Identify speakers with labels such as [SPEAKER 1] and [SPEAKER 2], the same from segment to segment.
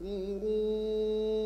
[SPEAKER 1] تُمْرُونَ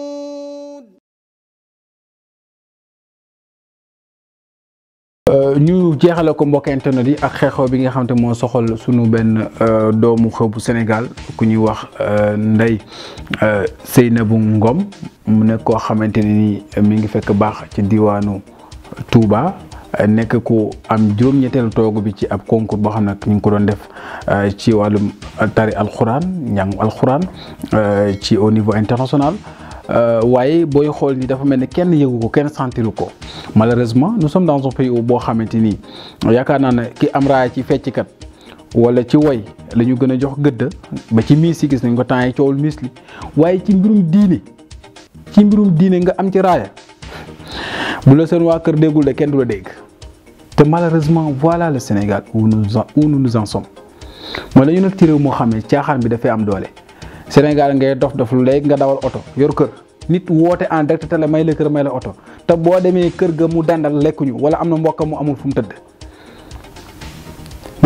[SPEAKER 2] Euh, ñu jeexale ko mbokk internet yi ak xeexoo bi nga
[SPEAKER 1] xam te moo soxal sunu benn euh, doomu bu Sénégal ku ñuy wax euh, na bu Ngom mu nekk koo xamante ne ni mi ngi fekk baax ci diwaanu Touba nekk ku am juróom-ñetteelu toogu bi ci ab concours boo xam ne ñu ngi ko doon def ci wàllum tari alxuraan njàngu alxuraan ci au niveau international. Euh, waaye booy xool ni dafa mel ne kenn yëgu ko kenn sentiru ko malheureusement nous sommes dans un pays boo xamante ni yaakaar naa ne ki am raaya ci fecckat wala ci woy lañu ñu gën a jox gëdd ba ci miis yi gis nañ ko temps yi coowul miis li waaye ci mbirum diine ci mbirum diine nga am ci raaya bu la seen waa kër déggul de kenn du la dégg te malheureusement voilà le Sénégal où nous où nous nous en sommes mooy la ci réew moo xam ne caaxaan bi dafay am doole. Sénégal ngay dof dof lu léegi nga dawal oto yor kër nit woote en direct te la may la kër may la oto te boo demee kër ga mu dandal lekkuñu wala am na mbokk mu amul fu mu tëdd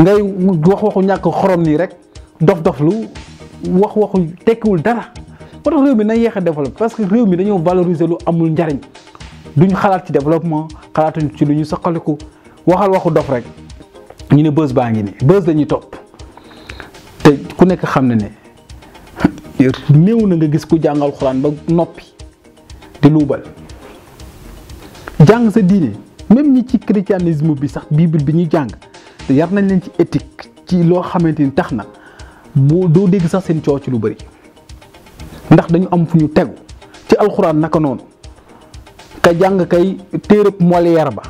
[SPEAKER 1] ngay wax waxu ñàkk xorom nii rek dof dof lu wax waxu tekkiwul dara moo tax réew mi na yéex a parce que réew mi dañoo valoriser lu amul njariñ duñ xalaat ci developpement xalaatuñ ci lu ñu soqaliku waxal waxu dof rek ñu ne bës baa ngi nii bës dañuy topp te ku nekk xam na ne. néew na nga gis ku jàngal xuraan ba noppi di luubal jàng sa diine même ñi ci christianisme bi sax bible bi ñuy jàng yar nañ leen ci éthique ci loo xamante ni tax na bu doo dégg sax seen coow ci lu bari ndax dañu am fu ñu tegu ci alxuraan naka noonu ka jàng kay téereb Molière ba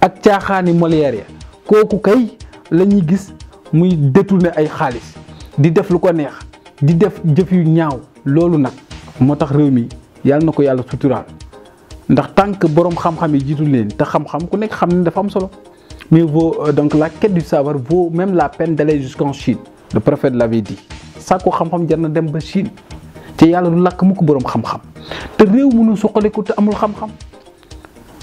[SPEAKER 1] ak caaxaani Molière ya kooku kay la gis muy ne ay xaalis di def lu ko neex di def jëf yu ñaaw loolu nag moo tax réew mi yàlla na ko yàlla suturaal ndax tànk boroom xam-xam yi jiitu leen te xam-xam ku nekk xam ne dafa am solo mais vaut euh, donc la quête du savoir vaut même la peine d'aller jusqu'en Chine le prophète l'avait dit sàkku xam-xam jar na dem ba Chine te yàlla du làkk mukk borom xam-xam te réew mënu suqaliku te amul xam-xam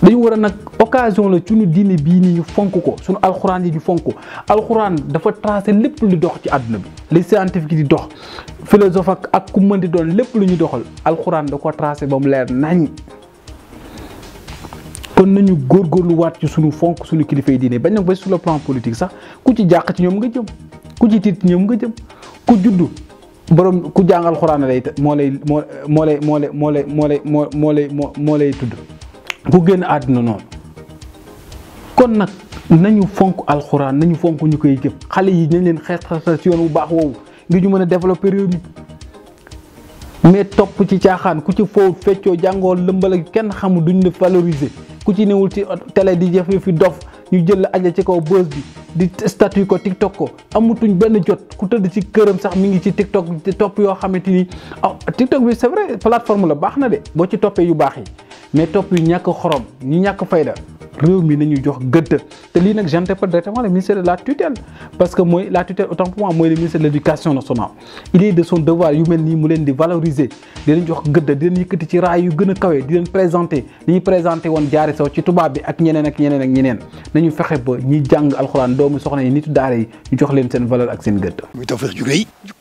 [SPEAKER 1] dañu war a nag occasion la suñu diine bii nii ñu fonk ko suñu alxuraan yi ñu fonk alxuraan dafa tracé lépp lu dox ci àdduna bi li scientifique di dox philosophe ak ak ku mën di doon lépp lu ñu doxal alxuraan da ko tracé ba mu leer nañ kon nañu góor góor lu waat ci suñu fonk suñu kilifa yi diine bañ nag ba sur le plan politique sax ku ci jàq ci ñoom nga jëm ku ci tiit ñoom nga jëm ku juddu borom ku jàng alxuraan lay moo lay moo moo lay moo lay moo lay moo lay moo lay moo lay tudd ku génn àdduna noonu kon nag nañu fonk alxuraan nañu fonk ñu koy gëm xale yi nañ leen xeet xeex si yoon bu baax woowu ngir ñu mën a développer réew mi mais topp ci caaxaan ku ci foofu feccoo jàngoo lëmbal kenn xamul duñ la valoriser ku ci newul ci télé di jafe fi dof ñu jël la ci kaw bës bi di statut ko tiktok ko amatuñ benn jot ku tëdd ci këram sax mu ngi ci tiktok di topp yoo xamante ni ah tiktok bi c'est vrai la baax na de boo ci toppee yu baax yi. mais topp yu ñàkk xorom ñi ñàkk fayda réew mi nañu jox gëdd te lii nag j'interpelle directement le ministère de la tutelle parce que mooy la tutelle autant pour moi mooy le ministère de l'éducation nationale il est de son devoir yu mel nii mu leen di valoriser di leen jox gëdd di leen yëkkati ci raay yu gën a kawe di leen présenter li ñuy présenter woon jaare saw ci tubaab bi ak ñeneen ak ñeneen ak ñeneen nañu fexe ba ñiy jàng alxuraan doomu soxna yi nitu daara yi ñu jox leen seen valeur ak seen gëdd